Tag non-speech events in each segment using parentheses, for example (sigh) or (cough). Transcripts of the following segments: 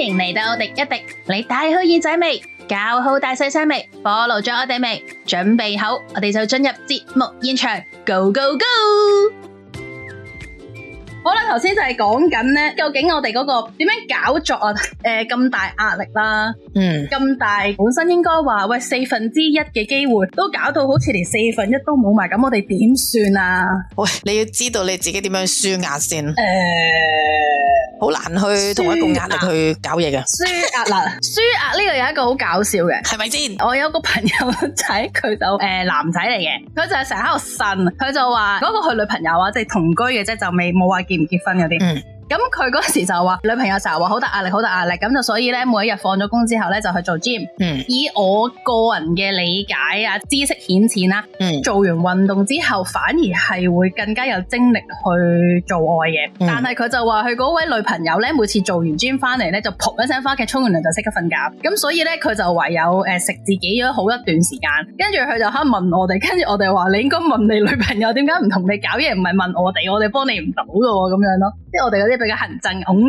歡迎嚟到滴一滴，你戴好耳仔未？搞好大細聲未？鍋爐咗我哋未？準備好，我哋就進入節目現場，Go Go Go！好啦，頭先就係講緊咧，究竟我哋嗰個點樣搞作啊？誒，咁大壓力啦，嗯，咁大本身應該話喂四分之一嘅機會都搞到好似連四分一都冇埋咁，我哋點算啊？喂，你要知道你自己點樣輸壓先誒。好難去同一個壓力去搞嘢嘅，舒壓嗱，舒壓呢個有一個好搞笑嘅，係咪先？我有個朋友仔，佢就誒、呃、男仔嚟嘅，佢就係成日喺度呻，佢就話嗰個佢女朋友啊，即係同居嘅啫，就未冇話結唔結婚嗰啲。嗯咁佢嗰時就話女朋友就話好大壓力，好大壓力咁就所以咧，每一日放咗工之後咧就去做 gym。嗯、以我個人嘅理解啊，知識顯淺啦，嗯、做完運動之後反而係會更加有精力去做愛嘅。嗯、但係佢就話佢嗰位女朋友咧，每次做完 gym 翻嚟咧就撲一聲翻屋企，沖完涼就即刻瞓覺。咁所以咧，佢就唯有誒食、呃、自己咗好一段時間，跟住佢就可能問我哋，跟住我哋話你應該問你女朋友點解唔同你搞嘢，唔係問我哋，我哋幫你唔到噶喎，咁樣咯，即係我哋嗰啲。佢嘅行政拱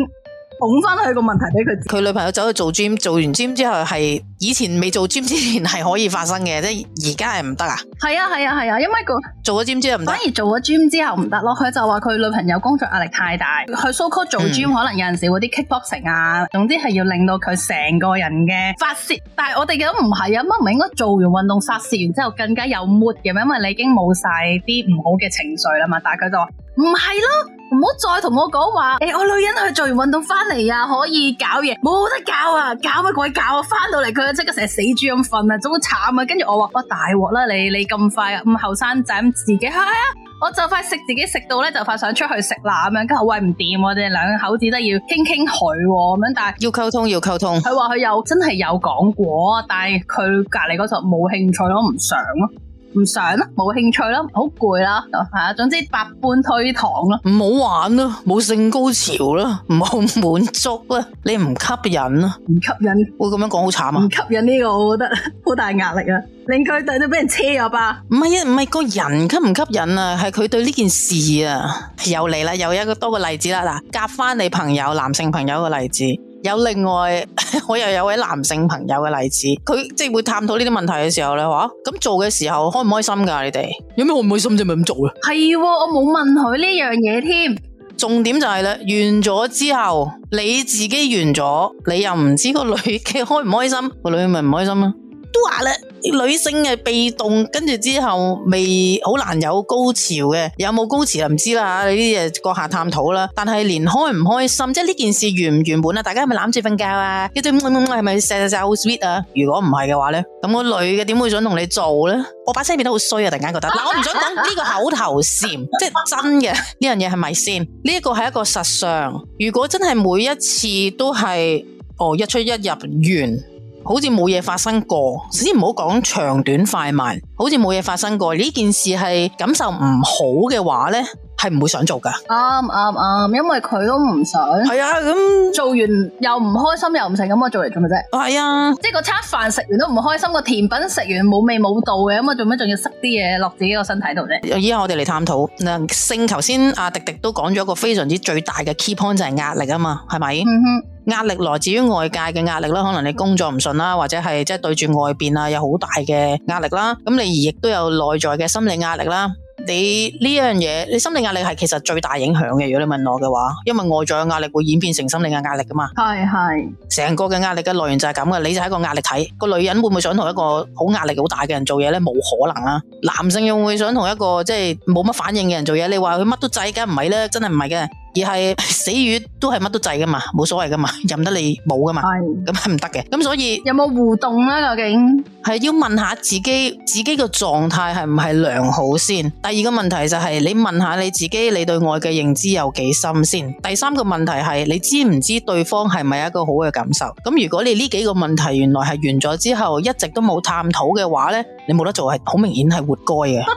拱翻佢個問題俾佢。佢女朋友走去做 gym，做完 gym 之後係以前未做 gym 之前係可以發生嘅，即係而家係唔得啊。係啊係啊係啊，因為，那個做咗 gym 之後唔得，反而做咗 gym 之後唔得咯。佢就話佢女朋友工作壓力太大，去 so called 做 gym，嗯、可能有陣時啲 kickboxing 啊，總之係要令到佢成個人嘅發洩。但係我哋咁唔係啊，乜唔係應該做完運動發洩完之後更加有 mood 嘅咩？因為你已經冇晒啲唔好嘅情緒啦嘛。但係佢就話。唔係咯，唔好再同我講話。誒、欸，我女人去做完運動翻嚟啊，可以搞嘢，冇得搞啊，搞乜鬼搞啊！翻到嚟佢啊，即刻成日死豬咁瞓啊，好慘啊！跟住我話，哇大鑊啦你，你咁快，咁後生仔自己係啊、哎，我就快食自己食到咧，就快想出去食啦咁樣。跟住喂唔掂，我哋兩口子都要傾傾佢咁樣，但係要溝通，要溝通。佢話佢又真係有講過，但係佢隔籬嗰陣冇興趣咯，唔想咯。唔想咯，冇興趣咯，好攰啦，係啊，總之百般推搪啦，唔好玩啦，冇性高潮啦，唔好滿足啊，你唔吸引啦，唔吸引，會咁樣講好慘啊，唔吸引呢個我覺得好大壓力啊，令佢哋都俾人車咗吧。唔係啊，唔係個人吸唔吸引啊，係佢對呢件事啊，又嚟啦，又一個多個例子啦，嗱，夾翻你朋友男性朋友個例子。有另外， (laughs) 我又有位男性朋友嘅例子，佢即係會探討呢啲問題嘅時候咧，話咁做嘅時候開唔開心噶、啊？你哋有咩開唔開心啫咪咁做啊，係，我冇問佢呢樣嘢添。重點就係、是、咧，完咗之後你自己完咗，你又唔知個女嘅開唔開心，個女咪唔開心啦。都話啦，女性嘅被動，跟住之後未好難有高潮嘅，有冇高潮就唔知啦吓，呢啲嘢閣下探討啦。但係連開唔開心，即係呢件事完唔完滿啊？大家係咪攬住瞓覺啊？一啲係咪實實好 sweet 啊？如果唔係嘅話咧，咁個女嘅點會想同你做咧？我把聲變得好衰啊！突然間覺得嗱，我唔想講呢個口頭禪， (laughs) 即係真嘅呢樣嘢係咪先？呢一個係一個實相。如果真係每一次都係哦一出一入完。好似冇嘢發生過，首先唔好講長短快慢，好似冇嘢發生過。呢件事係感受唔好嘅話咧？係唔會想做噶？啱啱啱，因為佢都唔想。係啊，咁、嗯、做完又唔開心，哦啊，又唔成咁，我做嚟做乜啫？係啊，即係個餐飯食完都唔開心，個甜品食完冇味冇度嘅，咁啊做咩仲要塞啲嘢落自己個身體度啫？依家我哋嚟探討，嗱，盛頭先阿迪迪都講咗個非常之最大嘅 key point 就係壓力啊嘛，係咪？嗯哼，壓力來自於外界嘅壓力啦，可能你工作唔順啦，或者係即係對住外邊啊有好大嘅壓力啦，咁你而亦都有內在嘅心理壓力啦。你呢樣嘢，你心理壓力係其實最大影響嘅。如果你問我嘅話，因為外在嘅壓力會演變成心理嘅壓力噶嘛。係係是，成個嘅壓力嘅來源就係咁嘅。你就係一個壓力體。個女人會唔會想同一個好壓力好大嘅人做嘢咧？冇可能啦、啊。男性又會，會想同一個即係冇乜反應嘅人做嘢？你話佢乜都制，梗唔係啦，真係唔係嘅。而係死魚都係乜都制噶嘛，冇所謂噶嘛，任得你冇噶嘛，咁係唔得嘅。咁所以有冇互動咧？究竟係要問下自己，自己個狀態係唔係良好先？第二個問題就係、是、你問下你自己，你對愛嘅認知有幾深先？第三個問題係你知唔知對方係咪一個好嘅感受？咁如果你呢幾個問題原來係完咗之後一直都冇探討嘅話咧？你冇得做係好明顯，係活該嘅 (laughs) 著，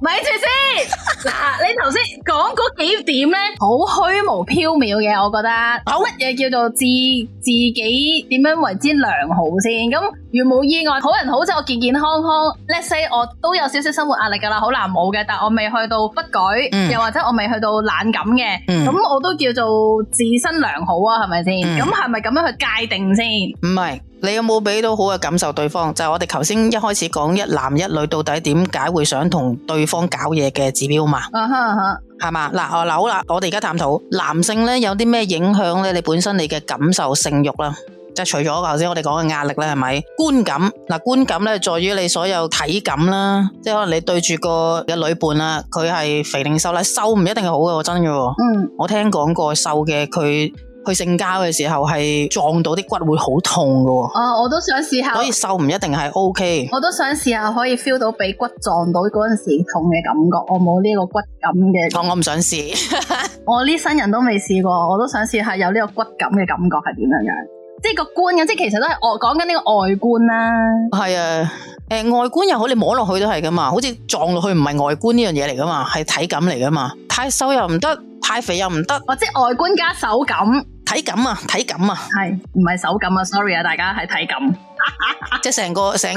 咪住先。嗱，你頭先講嗰幾點咧，好虛無縹緲嘅，我覺得。好乜嘢叫做自自己點樣為之良好先？咁如冇意外，好人好即我健健康康、Let's say 我都有少少生活壓力噶啦，好難冇嘅。但我未去到不舉，嗯、又或者我未去到懶感嘅，咁、嗯、我都叫做自身良好啊，係咪先？咁係咪咁樣去界定先？唔係。你有冇俾到好嘅感受對方？就係我哋頭先一開始講一男一女到底點解會想同對方搞嘢嘅指標嘛？啊哈，係嘛？嗱，好啦，我哋而家探討男性咧有啲咩影響咧？你本身你嘅感受性欲啦，即係除咗頭先我哋講嘅壓力啦，係咪？觀感嗱，觀感咧在於你所有體感啦，即係可能你對住個嘅女伴啦，佢係肥定瘦啦，瘦唔一定係好嘅，真嘅。嗯，我聽講過瘦嘅佢。去性交嘅時候係撞到啲骨會好痛㗎，哦、啊！我都想試下，所以瘦唔一定係 O K。我都想試下可以 feel 到俾骨撞到嗰陣時痛嘅感覺，我冇呢個骨感嘅、哦。我試 (laughs) 我唔想試，我呢新人都未試過，我都想試下有呢個骨感嘅感覺係點樣樣，即係個觀咁，即係其實都係我講緊呢個外觀啦。係啊。誒，外觀又好，你摸落去都係噶嘛，好似撞落去唔係外觀呢樣嘢嚟噶嘛，係體感嚟噶嘛，太瘦又唔得，太肥又唔得，或者外觀加手感，體感啊，體感啊，係，唔係手感啊，Sorry 啊，大家係體感，即係成個成，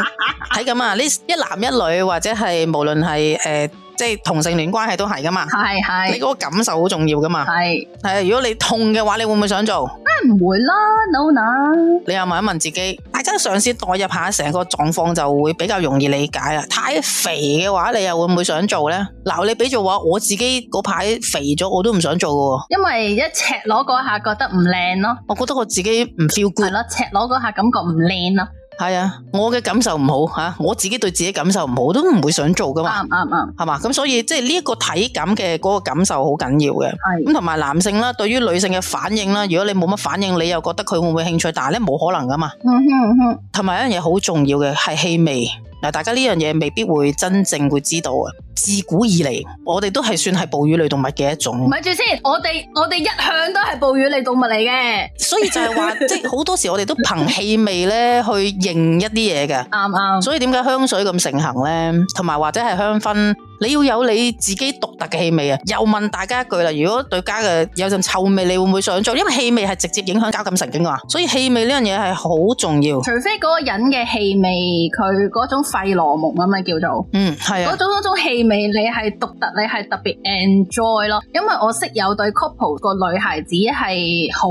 體感啊，呢一男一女或者係無論係誒。即係同性戀關係都係噶嘛，係係，你嗰個感受好重要噶嘛，係係。如果你痛嘅話，你會唔會想做？梗係唔會啦，no no。你又問一問自己，大家嘗試代入下成個狀況，就會比較容易理解喇。太肥嘅話，你又會唔會想做咧？嗱，你比做話我自己嗰排肥咗，我都唔想做噶。因為一赤裸嗰下覺得唔靚咯，我覺得我自己唔 feel good，係咯，赤裸嗰下感覺唔靚咯。係啊，我嘅感受唔好吓、啊，我自己對自己感受唔好，都唔會想做噶嘛。嗯嗯嗯，係嘛，咁所以即係呢一個體感嘅嗰、嗰個感受好緊要嘅。係，咁同埋男性啦，對於女性嘅反應啦，如果你冇乜反應，你又覺得佢會唔會興趣？但係咧冇可能噶嘛。嗯哼，同埋一樣嘢好重要嘅係氣味。嗱，大家呢樣嘢未必會真正會知道啊！自古以來，我哋都係算係哺乳類動物嘅一種。唔係住先，我哋我哋一向都係哺乳類動物嚟嘅，所以就係話， (laughs) 即係好多時我哋都憑氣味咧去認一啲嘢嘅。啱啱，所以點解香水咁盛行咧？同埋或者係香薰。你要有你自己獨特嘅氣味啊！又問大家一句啦，如果對家嘅有陣臭味，你會唔會想做？因為氣味係直接影響交感神經啊，所以氣味呢樣嘢係好重要。除非嗰個人嘅氣味，佢嗰種費羅蒙啊嘛，叫做嗯係啊，嗰種嗰種氣味你係獨特，你係特別 enjoy 咯。因為我識有對 couple 個女孩子係好。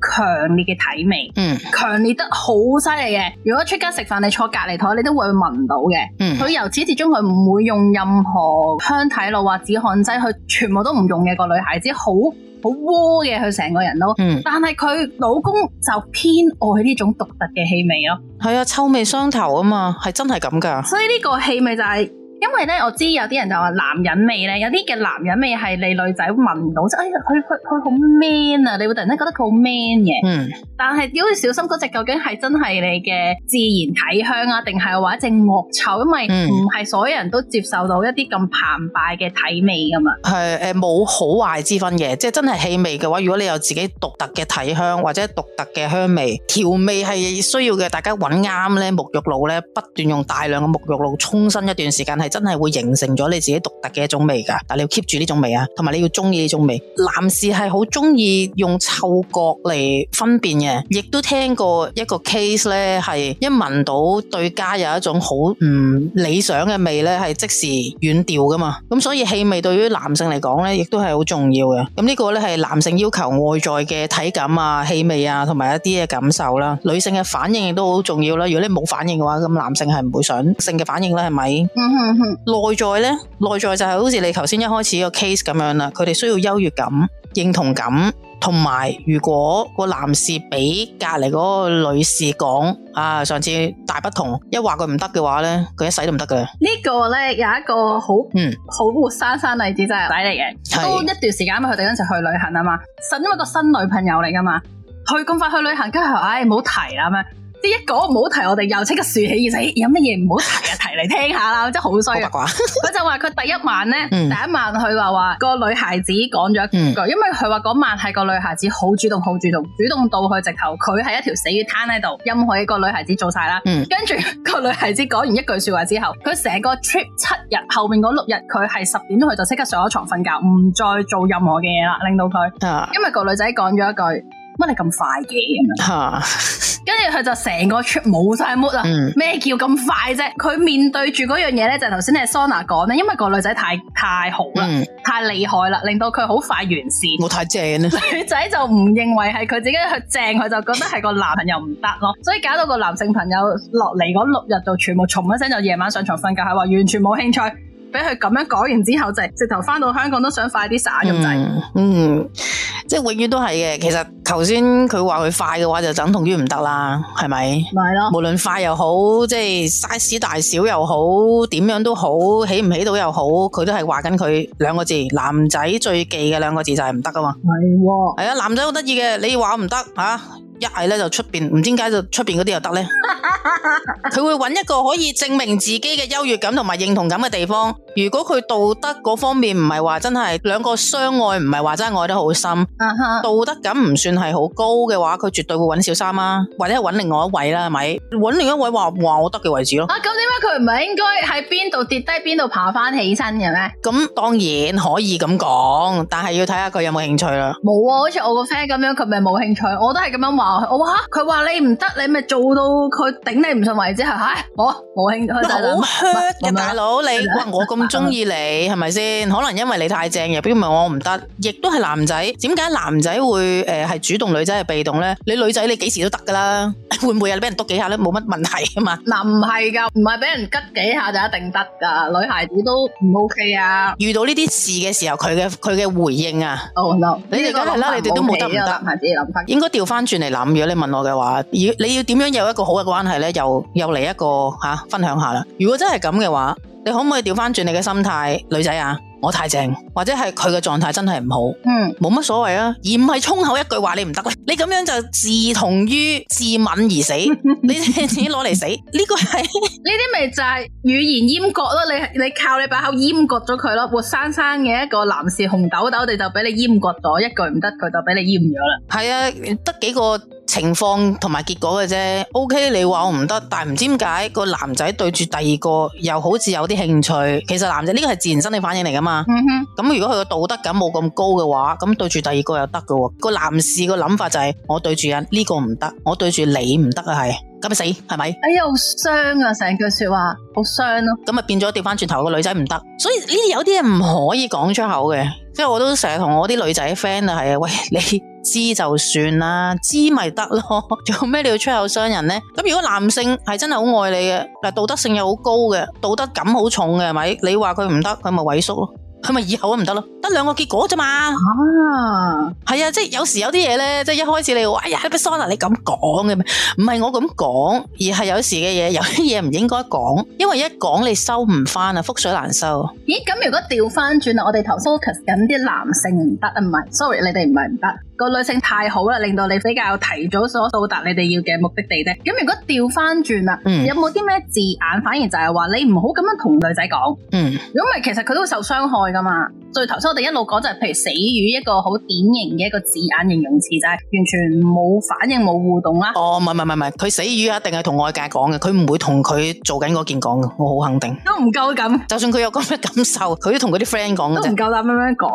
強烈嘅體味，嗯，強烈得好犀利嘅。如果出街食飯，你坐隔籬台，你都會聞到嘅。嗯，佢由始至終佢唔會用任何香體露或止汗劑，佢全部都唔用嘅。個女孩子好好窩嘅，佢成個人都。嗯，但係佢老公就偏愛呢種獨特嘅氣味咯。係啊，臭味相投啊嘛，係真係咁噶。所以呢個氣味就係、是。因為咧，我知有啲人就話男人味咧，有啲嘅男人味係你女仔聞唔到，即哎呀，佢佢佢好 man 啊！你會突然間覺得佢好 man 嘅。嗯。但係如果你小心嗰隻究竟係真係你嘅自然體香啊，定係話一隻惡臭？因為唔係、嗯、所有人都接受到一啲咁澎湃嘅體味噶嘛。係誒，冇、呃、好壞之分嘅，即係真係氣味嘅話，如果你有自己獨特嘅體香或者獨特嘅香味，調味係需要嘅。大家搵啱咧，沐浴露咧，不斷用大量嘅沐浴露沖身一段時間真係會形成咗你自己獨特嘅一種味噶，但係你要 keep 住呢種味啊，同埋你要中意呢種味。男士係好中意用嗅覺嚟分辨嘅，亦都聽過一個 case 咧，係一聞到對家有一種好唔理想嘅味咧，係即時遠調噶嘛。咁所以氣味對於男性嚟講咧，亦都係好重要嘅。咁呢個咧係男性要求外在嘅體感啊、氣味啊，同埋一啲嘅感受啦。女性嘅反應亦都好重要啦。如果你冇反應嘅話，咁男性係唔會想性嘅反應啦，係咪？嗯哼。內、嗯、在咧，內在就係好似你頭先一開始個 case 咁樣啦，佢哋需要優越感、認同感，同埋如果個男士俾隔籬嗰個女士講啊，上次大不同，一話佢唔得嘅話咧，佢一世都唔得噶。個呢個咧有一個好好、嗯、活生生例子真係仔嚟嘅，是都一段時間啊佢哋一齊去旅行啊嘛，實因為個新女朋友嚟噶嘛，去咁快去旅行，跟住唉，冇、哎、提啦咁樣。一講唔好提，我哋又即刻豎起耳仔，有乜嘢唔好提啊？提嚟聽下啦，真係好衰啊！佢就話佢第一晚咧，第一晚佢話話個女孩子講咗一句，因為佢話嗰晚係個女孩子好主動、好主動、主動到去，直頭佢係一條死魚癱喺度，任何一個女孩子做晒啦。跟住個女孩子講完一句說話之後，佢成個 trip 七日後面嗰六日，佢係十點鐘佢就即刻上咗床瞓覺，唔再做任何嘅嘢啦，令到佢。因為個女仔講咗一句：乜你咁快嘅？跟住佢就成個出冇晒 mood 啊、嗯！咩叫咁快啫？佢面對住嗰樣嘢咧，就頭先阿 sona 講咧，因為個女仔太太好啦，嗯、太厲害啦，令到佢好快完事。冇太正咧， (laughs) 女仔就唔認為係佢自己去正，佢就覺得係個男朋友唔得咯， (laughs) 所以搞到個男性朋友落嚟嗰六日就全部嘈一聲，就夜晚上，上床瞓覺，係話完全冇興趣。俾佢咁樣講完之後，就係直頭返到香港都想快啲散咁滯。嗯，樣嗯。即係永遠都係嘅，其實頭先佢話佢快嘅話就等同於唔得啦，係咪？係咯的。無論快又好，即係 size 大小又好，點樣都好，起唔起到又好，佢都係話緊佢兩個字，男仔最忌嘅兩個字就係唔得㗎嘛。係的，係、哎、啊，男仔好得意嘅，你話唔得吓，一係咧就出邊，唔知點解就出邊嗰啲又得咧。佢會揾一個可以證明自己嘅優越感同埋認同感嘅地方。如果佢道德嗰方面唔係話真係兩個相愛唔係話真係愛得好深，道德感唔算係好高嘅話，佢絕對會揾小三啊，或者係揾另外一位啦，係咪？揾另一位話話我得嘅為止咯。啊，咁點解佢唔係應該喺邊度跌低邊度爬翻起身嘅咩？咁當然可以咁講，但係要睇下佢有冇興趣啦。冇啊，好似我個 friend 咁樣，佢咪冇興趣。我都係咁樣話，我話佢話你唔得，你咪做到佢頂你唔順為止係咪？我冇興趣大佬，大佬你。我咁。中意你係咪先？可能因為你太正入邊咪我唔得，亦都係男仔。點解男仔會誒係主動，女仔係被動咧？你女仔你幾時都得噶啦，會唔會啊？你俾人督幾下咧，冇乜問題啊嘛。嗱，唔係噶，唔係俾人吉幾下就一定得噶。女孩子都唔 OK 啊。遇到呢啲事嘅時候，佢嘅佢嘅回應啊，哦 no！你哋梗係啦，你哋都冇得唔搭埋自己諗法。應該調翻轉嚟諗，如果你問我嘅話，要你要點樣有一個好嘅關係咧？又又嚟一個吓分享下啦。如果真係咁嘅話。你可唔可以調翻轉你嘅心態？女仔啊，我太正，或者係佢嘅狀態真係唔好，嗯，冇乜所謂啊，而唔係衝口一句話你唔得咧，你咁樣就自同於自刎而死。 (laughs) 你你攞嚟死。呢、呢個係呢啲咪就係語言閹割咯，你你靠你把口閹割咗佢咯，活生生嘅一個男士紅豆豆，哋就俾你閹割咗，一句唔得佢就俾你閹咗啦，係啊，得幾個。情況同埋結果嘅啫，OK。你話我唔得，但係唔知點解個男仔對住第二個又好似有啲興趣。其實男仔呢個係自然生理反應嚟噶嘛。咁、嗯、哼如果佢個道德感冇咁高嘅話，咁對住第二個又得㗎。個男士個諗法就係我對住人呢個唔得，我對住你唔得、哎、啊，係咁咪死，係咪？哎呀，好傷啊！成句說話好傷咯。咁咪變咗掉翻轉頭個女仔唔得。所以呢啲有啲嘢唔可以講出口嘅，即係我都成日同我啲女仔 friend 啊，係啊，喂你。知就算啦，知咪得咯，做咩你要出口傷人咧？咁如果男性係真係好愛你嘅，嗱，道德性又好高嘅，道德感好重嘅，係咪？你話佢唔得，佢咪萎縮咯，佢咪以後都唔得咯，得兩個結果咋嘛？啊，係啊，即係有時有啲嘢咧，即係一開始你話，哎呀，sorry，你咁講嘅咩？唔係我咁講，而係有時嘅嘢，有啲嘢唔應該講，因為一講你收唔翻啊，覆水難收。咦？咁如果調翻轉啦，我哋頭 focus 緊啲男性唔得啊，唔係，sorry，你哋唔係唔得。個女性太好啦，令到你比較提早所到達你哋要嘅目的地啫。咁如果調翻轉啦，嗯、有冇啲咩字眼反而就係話你唔好咁樣同女仔講？嗯，如果唔係，其實佢都會受傷害噶嘛。最頭先我哋一路講就係、是、譬如死魚，一個好典型嘅一個字眼形容詞就係完全冇反應冇互動啦。哦，唔係唔係唔係，佢死魚一定係同外界講嘅，佢唔會同佢做緊嗰件講嘅，我好肯定。都唔夠咁， (laughs) 就算佢有咁嘅感受，佢都同佢啲 friend 講嘅啫。都唔夠膽咁樣講，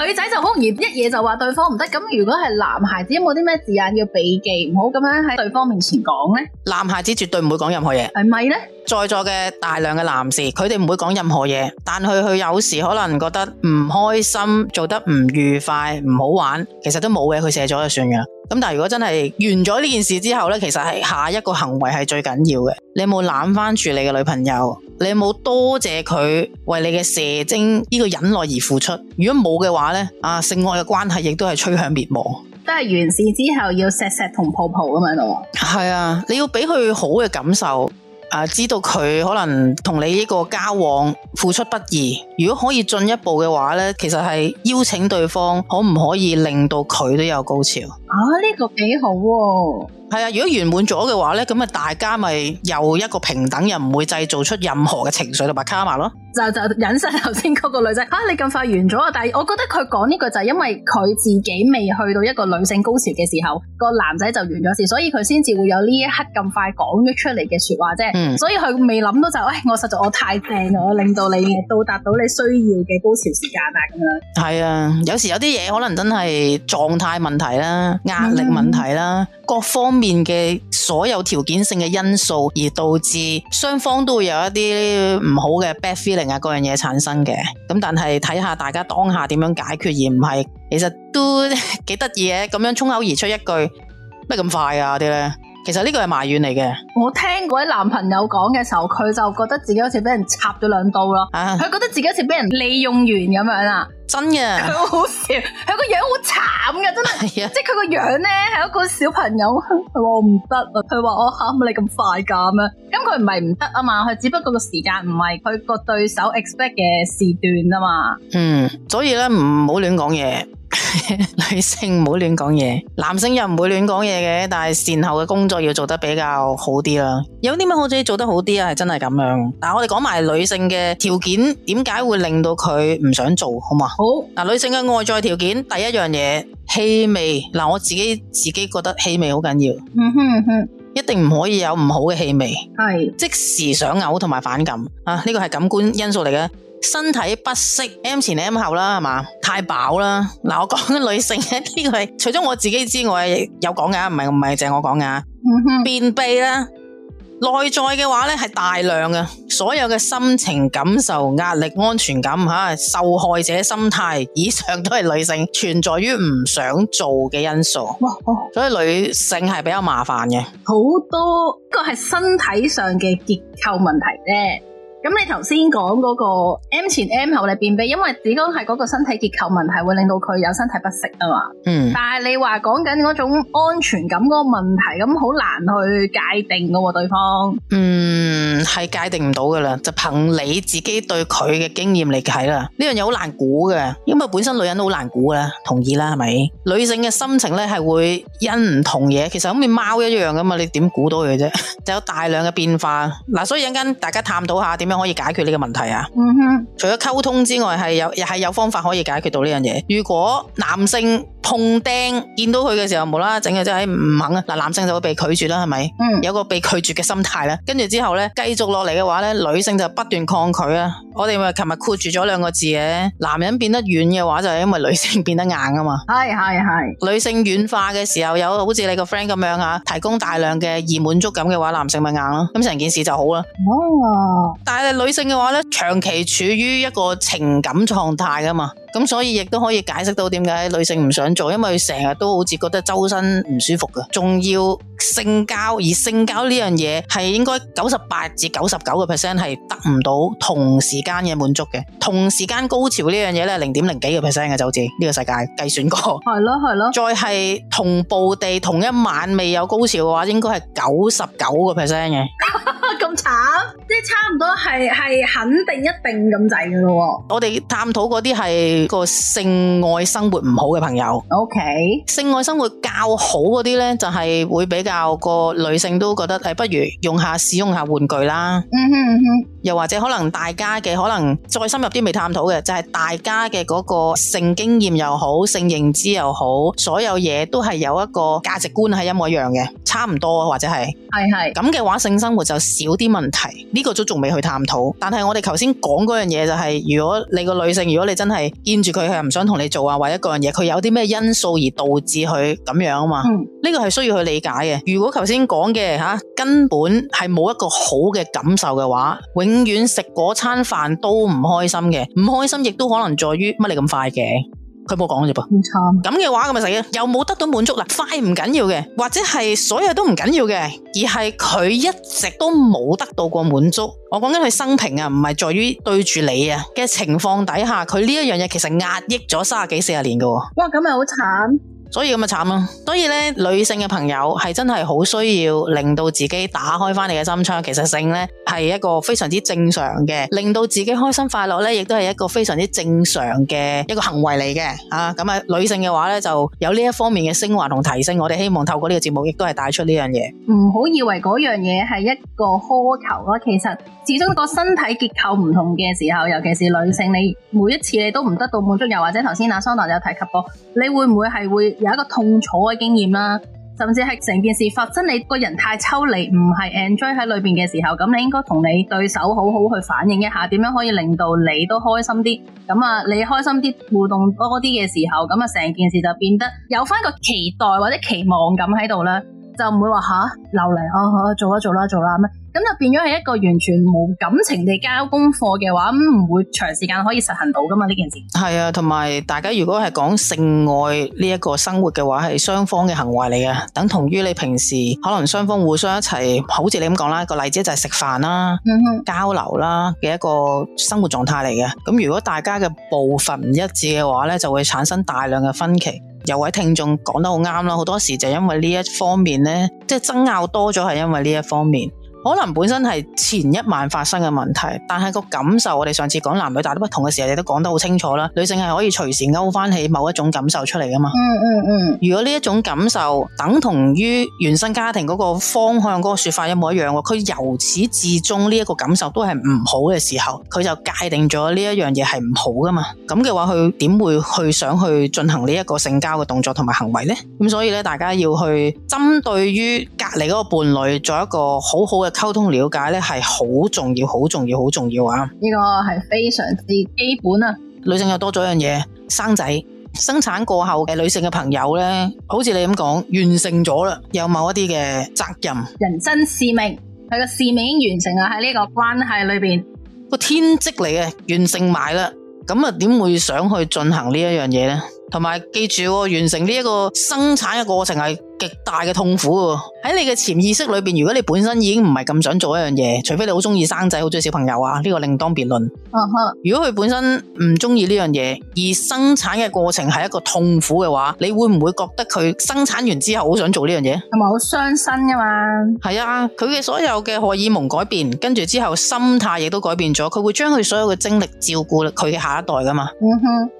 誒女仔就好容易一嘢就話對方唔得咁如果係男孩子有冇啲咩字眼要避忌，唔好咁樣喺對方面前講呢？男孩子絕對唔會講任何嘢，係咪呢？在座嘅大量嘅男士，佢哋唔會講任何嘢，但佢佢有時可能覺得唔開心，做得唔愉快，唔好玩，其實都冇嘅，佢射咗就算噶啦。咁但係如果真係完咗呢件事之後咧，其實係下一個行為係最緊要嘅。你有冇攬翻住你嘅女朋友？你有冇多謝佢為你嘅射精呢個忍耐而付出？如果冇嘅話咧，啊性愛嘅關係亦都係趨向滅亡。都係完事之後要錫錫同抱抱咁樣咯。係啊，你要俾佢好嘅感受。啊！知道佢可能同你呢個交往付出不易。如果可以進一步嘅話呢，其實係邀請對方，可唔可以令到佢都有高潮？啊！呢個幾好啊，係啊！如果圓滿咗嘅話呢，咁啊大家咪又一個平等，又唔會製造出任何嘅情緒同埋卡嘛咯。就就忍實頭先嗰個女仔吓、啊、你咁快完咗啊！但係我覺得佢講呢個就係因為佢自己未去到一個女性高潮嘅時候，個男仔就完咗事，所以佢先至會有呢一刻咁快講咗出嚟嘅說話啫。嗯、所以佢未諗到就誒、是哎、我實在我太正啦，我令到你到達到你需要嘅高潮時間啦咁樣係啊，有時有啲嘢可能真係狀態問題啦、壓力問題啦，嗯、各方面嘅所有條件性嘅因素而導致雙方都會有一啲唔好嘅 bad feeling。啊！嗰樣嘢產生嘅，咁但係睇下大家當下點樣解決，而唔係，其實都幾得意嘅。咁樣衝口而出一句咩咁快啊啲咧？其實呢個係埋怨嚟嘅。我聽嗰位男朋友講嘅時候，佢就覺得自己好似俾人插咗兩刀咯。佢、啊、覺得自己好似俾人利用完咁樣啊。真嘅的。佢好笑，佢個樣好慘嘅，真係。 (laughs) (laughs) 即係佢個樣呢，係一個小朋友。佢話我唔得啊，佢話我喊你咁快噶咁樣。咁佢唔係唔得啊嘛，佢只不過個時間唔係佢個對手 expect 嘅時段啊嘛。嗯，所以咧唔好亂講嘢。 (laughs) 女性唔好亂講嘢，男性又唔會亂講嘢嘅，但係善後嘅工作要做得比較好啲啦。有啲咩好似做得好啲啊？係真係咁樣。嗱，我哋講埋女性嘅條件，點解會令到佢唔想做好嘛？好嗱好、啊，女性嘅外在條件第一樣嘢，氣味嗱、啊，我自己自己覺得氣味好緊要，嗯哼哼，一定唔可以有唔好嘅氣味，係是即時想嘔同埋反感啊！呢個係感官因素嚟嘅。身體不適，M 前 M 後啦，係嘛？太飽啦！嗱，我講女性一啲，佢、這個、除咗我自己之外，有講嘅，唔係唔係淨係我講嘅。嗯、哼便秘啦，內在嘅話咧係大量嘅，所有嘅心情感受、壓力、安全感吓、受害者心態以上都係女性存在於唔想做嘅因素，所以女性係比較麻煩嘅，好多，呢個係身體上嘅結構問題啫。咁你頭先講嗰個 M 前 M 後你便秘，因為子宮係嗰個身體結構問題會令到佢有身體不適啊嘛。嗯。但係你話講緊嗰種安全感嗰個問題，咁好難去界定噶喎，對方。嗯。係界定唔到噶啦，就憑你自己對佢嘅經驗嚟睇啦。呢樣嘢好難估嘅，因為本身女人都好難估噶，同意啦係咪？女性嘅心情呢係會因唔同嘢，其實好似貓一樣噶嘛，你點估到佢啫？就 (laughs) 有大量嘅變化嗱，所以一陣間大家探討下點樣可以解決呢個問題啊？嗯哼、mm，hmm。除咗溝通之外，係有係有方法可以解決到呢樣嘢。如果男性。痛釘見到佢嘅時候，無啦啦整嘅真係唔肯啊！嗱，男性就會被拒絕啦，係咪？嗯，有個被拒絕嘅心態啦。跟住之後咧，繼續落嚟嘅話咧，女性就不斷抗拒啊！我哋咪琴日括住咗兩個字嘅，男人變得軟嘅話，就係、是、因為女性變得硬啊嘛。係係係，女性軟化嘅時候，有好似你個 friend 咁樣吓，提供大量嘅易滿足感嘅話，男性咪硬咯。咁成件事就好啦。嗯、但係女性嘅話咧，長期處於一個情感狀態啊嘛。咁所以亦都可以解釋到點解女性唔想做，因為成日都好似覺得周身唔舒服嘅，仲要性交。而性交呢樣嘢係應該九十八至九十九個 percent 係得唔到同時間嘅滿足嘅，同時間高潮呢樣嘢咧，零點零幾個 percent 嘅，就好似呢個世界計算過。係咯，係咯。再係同步地同一晚未有高潮嘅話，應該係九十九個 percent 嘅。 (laughs) 咁慘，即係差唔多係係肯定一定咁滯㗎咯。我哋探討嗰啲係個性愛生活唔好嘅朋友。OK，性愛生活較好嗰啲呢，就係會比較個女性都覺得誒，不如用下使用下玩具啦。嗯哼嗯哼。又或者可能大家嘅可能再深入啲未探討嘅，就係、是、大家嘅嗰個性經驗又好，性認知又好，所有嘢都係有一個價值觀係一模一樣嘅，差唔多啊或者係係係咁嘅話，性生活就少啲問題。呢、這個都仲未去探討。但係我哋頭先講嗰樣嘢就係、是，如果你個女性，如果你真係見住佢，佢又唔想同你做啊，或者各樣嘢，佢有啲咩因素而導致佢咁樣啊嘛？呢、嗯、個係需要去理解嘅。如果頭先講嘅吓根本係冇一個好嘅感受嘅話，永永遠食嗰餐飯都唔開心嘅，唔開心亦都可能在於乜你咁快嘅？佢冇講啫噃，冇錯。咁嘅話咁咪死啦，又冇得到滿足啦，快唔緊要嘅，或者係所有都唔緊要嘅，而係佢一直都冇得到過滿足。我講緊佢生平啊，唔係在於對住你啊嘅情況底下，佢呢一樣嘢其實壓抑咗三十幾四十年噶。哇，咁咪好慘！所以咁咪慘咯！所以咧，女性嘅朋友係真係好需要令到自己打開翻你嘅心窗。其實性咧係一個非常之正常嘅，令到自己開心快樂咧，亦都係一個非常之正常嘅一個行為嚟嘅。啊，咁啊，女性嘅話咧，就有呢一方面嘅昇華同提升。我哋希望透過呢個節目，亦都係帶出呢樣嘢。唔好以為嗰樣嘢係一個苛求咯，啊，其實。始終個身體結構唔同嘅時候，尤其是女性，你每一次你都唔得到滿足，又或者頭先阿桑娜有提及過，你會唔會係會有一個痛楚嘅經驗啦？甚至係成件事發生你個人太抽離，唔係 enjoy 喺裏邊嘅時候，咁你應該同你對手好好去反映一下，點樣可以令到你都開心啲？咁啊，你開心啲互動多啲嘅時候，咁啊成件事就變得有翻個期待或者期望感喺度啦，就唔會話吓留嚟哦，做一、啊、做啦、啊、做啦、啊、咁。咁就變咗係一個完全冇感情地交功課嘅話，咁唔會長時間可以實行到噶嘛？呢件事係啊，同埋大家如果係講性愛呢一,一、嗯、哼一個生活嘅話，係雙方嘅行為嚟嘅，等同於你平時可能雙方互相一齊，好似你咁講啦，個例子就係食飯啦、交流啦嘅一個生活狀態嚟嘅。咁如果大家嘅部分唔一致嘅話呢，就會產生大量嘅分歧。有位聽眾講得好啱啦，好多時就因為呢一方面呢，即係爭拗多咗，係因為呢一方面。就是可能本身係前一晚發生嘅問題，但係個感受，我哋上次講男女大都不同嘅時候，你都講得好清楚啦。女性係可以隨時勾翻起某一種感受出嚟噶嘛？嗯嗯嗯。嗯嗯，如果呢一種感受等同於原生家庭嗰個方向嗰個說法一模一樣，佢由始至終呢一個感受都係唔好嘅時候，佢就界定咗呢一樣嘢係唔好噶嘛？咁嘅話，佢點會去想去進行呢一個性交嘅動作同埋行為咧？咁所以咧，大家要去針對於隔離嗰個伴侶做一個好好嘅。溝通了解咧，係好重要，好重要，好重要啊！呢個係非常之基本啊！女性又多咗一樣嘢，生仔生產過後嘅女性嘅朋友咧，好似你咁講，完成咗啦，有某一啲嘅責任、人生使命，佢個使命已經完成啦。喺呢個關係裏邊，個天職嚟嘅，完成埋啦，咁啊點會想去進行一呢一樣嘢咧？同埋記住、喎，完成呢一個生產嘅過程係。極大嘅痛苦喺你嘅潛意識裏邊，如果你本身已經唔係咁想做一樣嘢，除非你好中意生仔，好中意小朋友啊，呢、這個另當別論。 (laughs) 如果佢本身唔中意呢樣嘢，而生產嘅過程係一個痛苦嘅話，你會唔會覺得佢生產完之後好想做呢樣嘢？係咪好傷身噶嘛？係啊，佢嘅所有嘅荷爾蒙改變，跟住之後心態亦都改變咗，佢會將佢所有嘅精力照顧佢嘅下一代噶嘛？哼，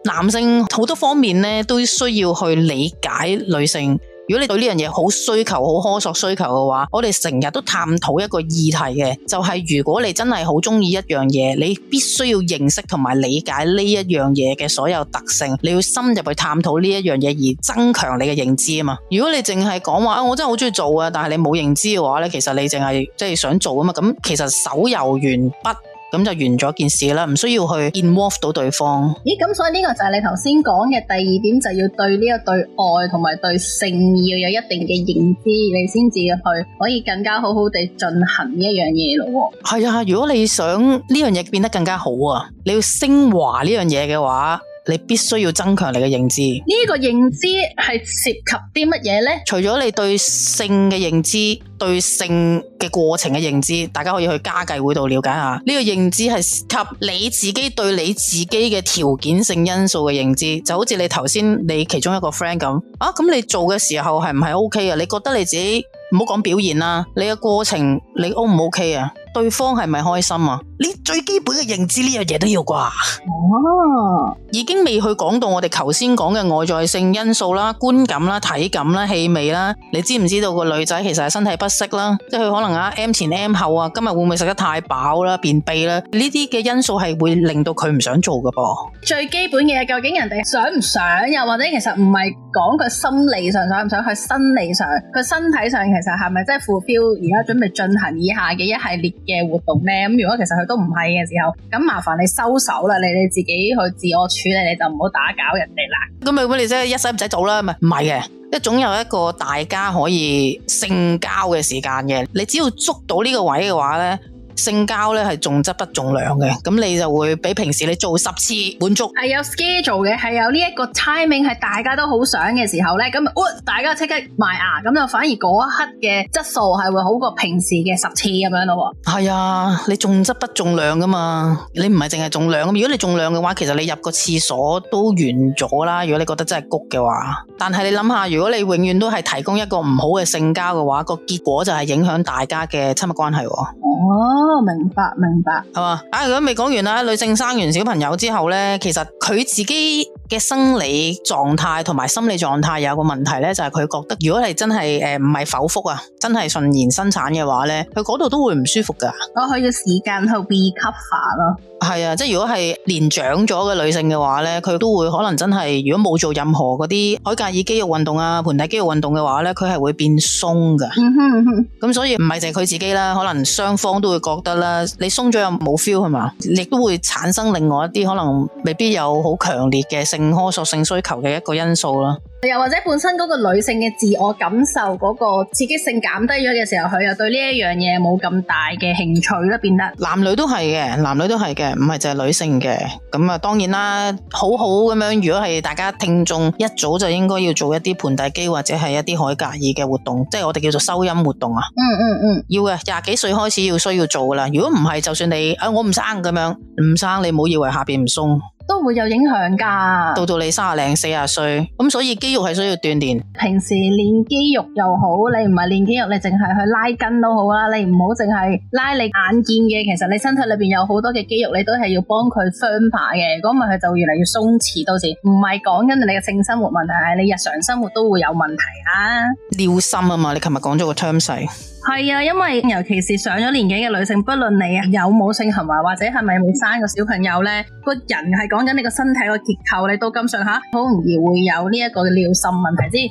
(laughs) 男性好多方面呢都需要去理解女性。如果你對呢樣嘢好需求，好苛索需求嘅話，我哋成日都探討一個議題嘅，就係，如果你真係好中意一樣嘢，你必須要認識同埋理解呢一樣嘢嘅所有特性，你要深入去探討呢一樣嘢而增強你嘅認知啊嘛。如果你淨係講話，我真係好中意做啊，但係你冇認知嘅話呢，其實你淨係即係想做啊嘛。咁其實手游完筆。咁就完咗件事啦，唔需要去 involve 到對方。咦，咁所以呢個就係你頭先講嘅第二點，就要對呢個對愛同埋對性要有一定嘅認知，你先至去可以更加好好地進行呢樣嘢咯。係啊，如果你想呢樣嘢變得更加好啊，你要升華呢樣嘢嘅話。你必須要增強你嘅認知，呢個認知係涉及啲乜嘢呢？除咗你對性嘅認知，對性嘅過程嘅認知，大家可以去家計會度了解下。呢個認知係涉及你自己對你自己嘅條件性因素嘅認知，就好似你頭先你其中一個 friend 咁啊。咁你做嘅時候係唔係 OK 啊？你覺得你自己唔好講表現啦，你嘅過程你 O 唔 OK 啊？對方係咪開心啊？你最基本嘅認知，呢樣嘢都要啩？哦，oh. 已經未去講到我哋頭先講嘅外在性因素啦、觀感啦、體感啦、氣味啦。你知唔知道個女仔其實係身體不適啦？即係佢可能啊 M 前 M 後啊，今日會唔會食得太飽啦、便秘啦？呢啲嘅因素係會令到佢唔想做噶噃。最基本嘅，究竟人哋想唔想？又或者其實唔係講佢心理上想唔想，佢生理上，佢身體上其實係咪即係 fulfill 而家準備進行以下嘅一系列？嘅活動咧，咁如果其實佢都唔係嘅時候，咁麻煩你收手啦，你你自己去自我處理，你就唔好打攪人哋啦。咁咪咁你即係一世唔使做啦，咪唔係嘅，即係總有一個大家可以性交嘅時間嘅，你只要捉到呢個位嘅話咧。性交咧係重質不重量嘅，咁你就會比平時你做十次滿足係有 schedule 嘅，係有呢一個 timing 係大家都好想嘅時候咧，咁大家即刻埋牙咁就反而嗰一刻嘅質素係會好過平時嘅十次咁樣咯。係啊、哎，你重質不重量噶嘛，你唔係淨係重量咁。如果你重量嘅話，其實你入個廁所都完咗啦。如果你覺得真係谷嘅話，但係你諗下，如果你永遠都係提供一個唔好嘅性交嘅話，個結果就係影響大家嘅親密關係。哦、啊。哦明白，明白。係嘛？啊，如果未講完啦，女性生完小朋友之後咧，其實佢自己，嘅生理狀態同埋心理狀態有個問題咧，就係、是、佢覺得如果係真係誒唔係剖腹啊，真係順延生產嘅話咧，佢嗰度都會唔舒服噶。我需要時間去 be cover 咯。係啊，即係如果係年長咗嘅女性嘅話咧，佢都會可能真係如果冇做任何嗰啲海格爾肌肉運動啊、盆底肌肉運動嘅話咧，佢係會變鬆噶。咁 (laughs) 所以唔係淨係佢自己啦，可能雙方都會覺得啦。你鬆咗又冇 feel 係嘛？亦都會產生另外一啲可能未必有好強烈嘅性科索性需求嘅一個因素啦，又或者本身嗰個女性嘅自我感受嗰個刺激性減低咗嘅時候，佢又對呢一樣嘢冇咁大嘅興趣咯，變得男女都係嘅，男女都係嘅，唔係淨係女性嘅。咁啊，當然啦，好好咁樣，如果係大家聽眾一早就應該要做一啲盆底肌或者係一啲海格爾嘅活動，即係我哋叫做收音活動啊、嗯。嗯嗯嗯，要嘅，廿幾歲開始要需要做噶啦。如果唔係，就算你啊、哎，我唔生咁樣，唔生你唔好以為下邊唔鬆。都會有影響噶，到到你三十零、四十歲，咁所以肌肉係需要鍛煉。平時練肌肉又好，你唔係練肌肉，你淨係去拉筋都好啦。你唔好淨係拉你眼見嘅，其實你身體裏邊有好多嘅肌肉，你都係要幫佢分排嘅，咁咪佢就越嚟越鬆弛到時。唔係講緊你嘅性生活問題，係你日常生活都會有問題啊。尿心啊嘛，你琴日講咗個 term 細。係啊，因為尤其是上咗年紀嘅女性，不論你啊有冇性行為或者係咪冇生個小朋友咧，個人係講緊你個身體個結構，你到咁上下好容易會有呢一個尿滲問題。先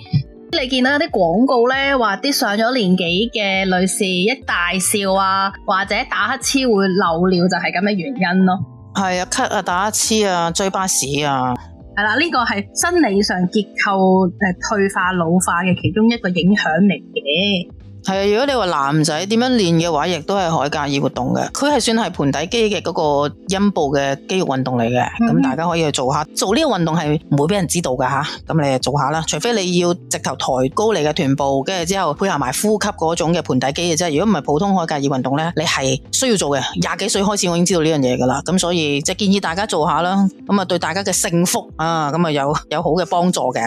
你見到有啲廣告咧，話啲上咗年紀嘅女士一大笑啊，或者打乞嗤會漏尿，就係咁嘅原因咯。係啊，咳啊，打乞嗤啊，追巴士啊，係啦、啊，呢、呢個係生理上結構誒退化老化嘅其中一個影響嚟嘅。係啊，如果你話男仔點樣練嘅話，亦都係海格爾活動嘅。佢係算係盆底肌嘅嗰個陰部嘅肌肉運動嚟嘅。咁、嗯、大家可以去做下，做呢個運動係唔會俾人知道噶吓。咁你做下啦，除非你要直頭抬高你嘅臀部，跟住之後配合埋呼吸嗰種嘅盆底肌嘅啫。如果唔係普通海格爾運動呢，你係需要做嘅。廿、嗯、幾歲開始我已經知道呢樣嘢噶啦。咁所以就建議大家做下啦。咁啊對大家嘅性福啊，咁啊有有好嘅幫助嘅。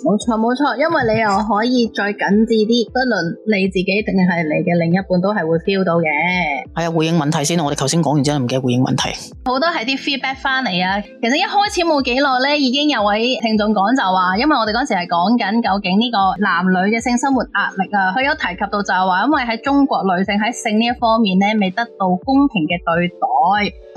冇錯冇錯，因為你又可以再緊緻啲，不論你自自己定係你嘅另一半都係會 feel 到嘅。係啊、哎，回應問題先啊，我哋頭先講完之後唔記得回應問題。好多係啲 feedback 翻嚟啊，其實一開始冇幾耐咧，已經有位聽眾講就話，因為我哋嗰時係講緊究竟呢個男女嘅性生活壓力啊，佢有提及到就係話，因為喺中國女性喺性呢一方面咧未得到公平嘅對待，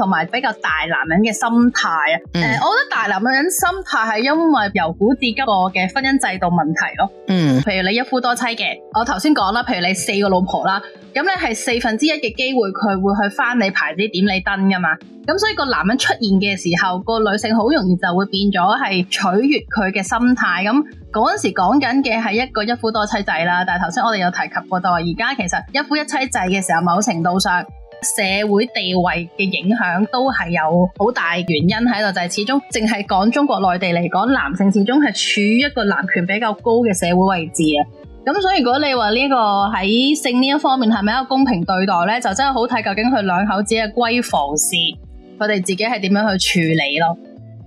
同埋比較大男人嘅心態啊。誒、嗯呃，我覺得大男人心態係因為由古至今個嘅婚姻制度問題咯。嗯。譬如你一夫多妻嘅，我頭先講啦。譬如你四個老婆啦，咁你係四分之一嘅機會，佢會去翻你牌子點你燈噶嘛？咁所以個男人出現嘅時候，個女性好容易就會變咗係取悅佢嘅心態。咁嗰陣時講緊嘅係一個一夫多妻制啦，但係頭先我哋有提及過，到而家其實一夫一妻制嘅時候，某程度上社會地位嘅影響都係有好大原因喺度，就係始終淨係講中國內地嚟講，男性始終係處於一個男權比較高嘅社會位置啊。咁所以如果你話呢個喺性呢一方面係咪一個公平對待咧，就真係好睇究竟佢兩口子嘅閨房事，佢哋自己係點樣去處理咯。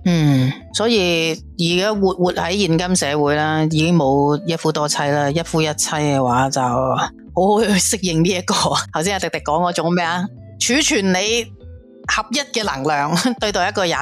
嗯，所以而家活活喺現今社會啦，已經冇一夫多妻啦，一夫一妻嘅話就好好去適應呢一個。頭先阿迪迪講嗰種咩啊，儲存你。合一嘅能量對待一個人，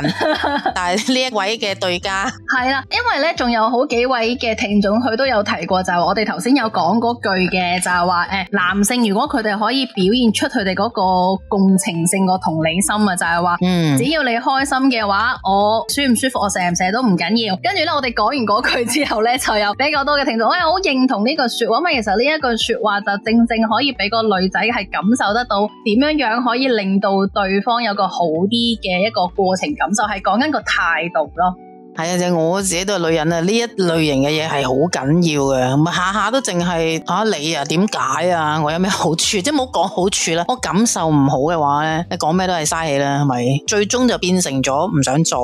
但係呢一位嘅對家係啦，因為咧仲有好幾位嘅聽眾，佢都有提過就係我哋頭先有講嗰句嘅就係話誒，男性如果佢哋可以表現出佢哋嗰個共情性個同理心啊，就係話，嗯，只要你開心嘅話，我舒唔舒服，我成唔成都唔緊要。跟住咧，我哋講完嗰句之後咧，就有比較多嘅聽眾我又好認同呢句說話，因為其實呢一句說話就正正可以俾個女仔係感受得到點樣樣可以令到對方有。一個好啲嘅一個過程感受，係講緊個態度咯。係啊，就我自己都係女人啊，呢一類型嘅嘢係好緊要嘅，唔係下下都淨係吓你啊？點解啊？我有咩好處？即係冇講好處啦，我感受唔好嘅話咧，你講咩都係嘥氣啦，係咪？最終就變成咗唔想做。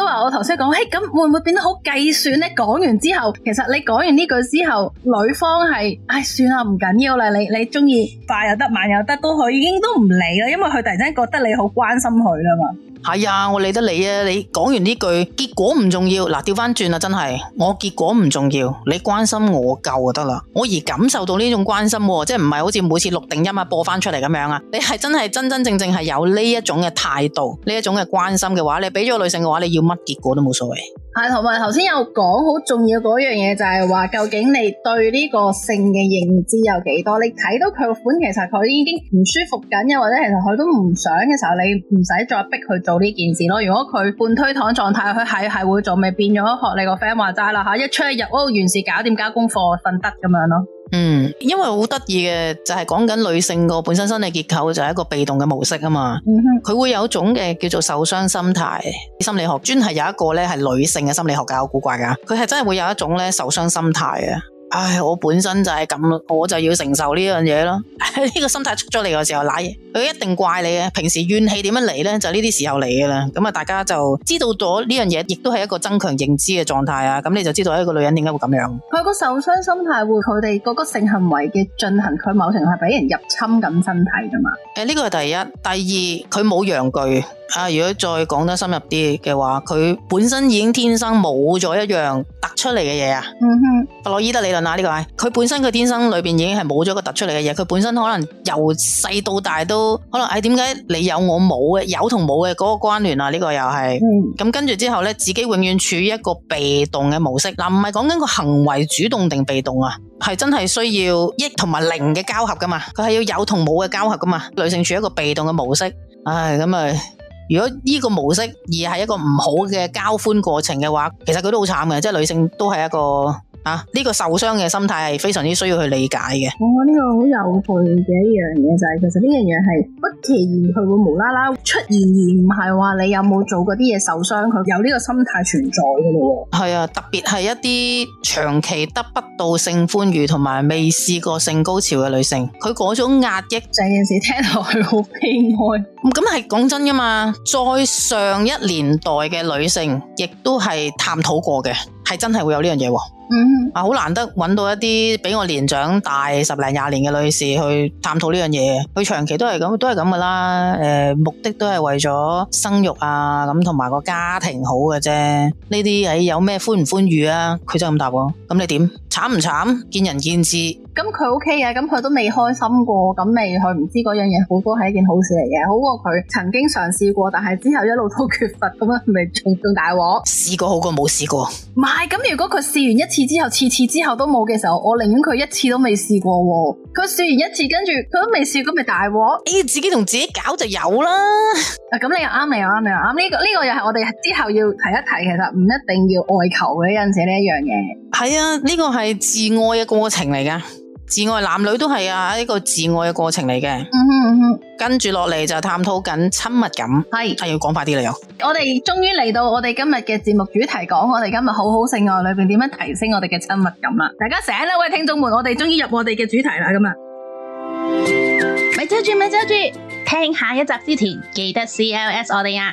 都話我頭先講，誒、欸、咁會唔會變得好計算咧？講完之後，其實你講完呢句之後，女方係，唉，算啦，唔緊要啦，你你中意快又得，慢又得，都可以，已經都唔理啦，因為佢突然間覺得你好關心佢啦嘛。係啊、哎，我理得你啊！你講完呢句，結果唔重要。嗱，調翻轉啊，真係我結果唔重要，你關心我夠就得啦。我而感受到呢種關心，即係唔係好似每次錄定音啊播翻出嚟咁樣啊？你係真係真真正正係有呢一種嘅態度，呢一種嘅關心嘅話，你俾咗女性嘅話，你要乜結果都冇所謂。係同埋頭先有講好重要嗰樣嘢，就係話究竟你對呢個性嘅認知有幾多？你睇到佢個款，其實佢已經唔舒服緊，又或者其實佢都唔想嘅時候，你唔使再逼佢做呢件事咯，如果佢半推堂狀態，佢係係會做，咪變咗學你個 friend 話齋啦吓，一出一入，我完事搞掂加功課，瞓得咁樣咯。嗯，因為好得意嘅就係講緊女性個本身生理結構就係一個被動嘅模式啊嘛，佢、嗯、哼會有一種嘅叫做受傷心態。心理學專係有一個咧係女性嘅心理學家，好古怪噶，佢係真係會有一種咧受傷心態啊。唉，我本身就係咁，我就要承受呢樣嘢咯。呢 (laughs) 個心態出咗嚟嘅時候，嗱，佢一定怪你嘅。平時怨氣點樣嚟呢？就呢啲時候嚟嘅啦。咁、嗯、啊，大家就知道咗呢樣嘢，亦都係一個增強認知嘅狀態啊。咁、嗯、你就知道一個女人點解會咁樣。佢個受傷心態會，佢哋嗰個性行為嘅進行，佢某程度係俾人入侵緊身體噶嘛。誒，呢、這個係第一，第二，佢冇陽具。啊，如果再講得深入啲嘅話，佢本身已經天生冇咗一樣突出嚟嘅嘢啊。嗯哼，佛洛伊德理嗱呢、這個，佢本身佢天生裏邊已經係冇咗個突出嚟嘅嘢，佢本身可能由細到大都可能，哎，點解你有我冇嘅？有同冇嘅嗰個關聯啊？呢、這個又係，咁、嗯、跟住之後呢，自己永遠處於一個被動嘅模式。嗱、呃，唔係講緊個行為主動定被動啊，係真係需要一同埋零嘅交合噶嘛，佢係要有同冇嘅交合噶嘛。女性處於一個被動嘅模式，唉，咁啊，如果呢個模式而係一個唔好嘅交歡過程嘅話，其實佢都好慘嘅，即係女性都係一個。啊！呢、這個受傷嘅心態係非常之需要去理解嘅。我呢、哦，這個好有趣嘅一樣嘢就係、是，其實呢樣嘢係不其然，佢會無啦啦出現，而唔係話你有冇做嗰啲嘢受傷，佢有呢個心態存在噶咯。係啊，特別係一啲長期得不到性歡愉同埋未試過性高潮嘅女性，佢嗰種壓抑，成件事聽落去好悲哀。咁咁係講真噶嘛，再上一年代嘅女性亦都係探討過嘅，係真係會有呢樣嘢。嗯，啊，好難得揾到一啲比我年長大十零廿年嘅女士去探討呢樣嘢，佢長期都係咁，都係咁噶啦。誒，目的都係為咗生育啊，咁同埋個家庭好嘅啫。呢啲誒有咩歡唔歡愉啊？佢就咁答我，咁你點？慘唔慘？見仁見智。咁佢 O K 嘅，咁佢、OK、都未開心過，咁未佢唔知嗰樣嘢好多係一件好事嚟嘅，好過佢曾經嘗試過，但係之後一路都缺乏咁啊，咪仲仲大鑊？試過好過冇試過。唔係，咁如果佢試完一次之後，次次之後都冇嘅時候，我寧願佢一次都未試過。佢試完一次，跟住佢都未試，咁咪大鑊？咦，自己同自己搞就有啦。咁、 (laughs) 啊、你又啱，你又啱，你又啱。呢、這個呢、這個又係我哋之後要提一提，其實唔一定要外求嘅，有陣時呢一樣嘢。係啊，呢、這個係自愛嘅過程嚟噶。自愛，男女都係啊，一個自愛嘅過程嚟嘅。嗯哼嗯哼，跟住落嚟就探討緊親密感。係是，係要講快啲嚟又。我哋終於嚟到我哋今日嘅節目主題，講我哋今日好好性愛裏面點樣提升我哋嘅親密感啦。大家醒啦，喂，聽眾們，我哋終於入我哋嘅主題啦，今日。咪遮住，咪遮住，聽下一集之前記得 CLS 我哋啊。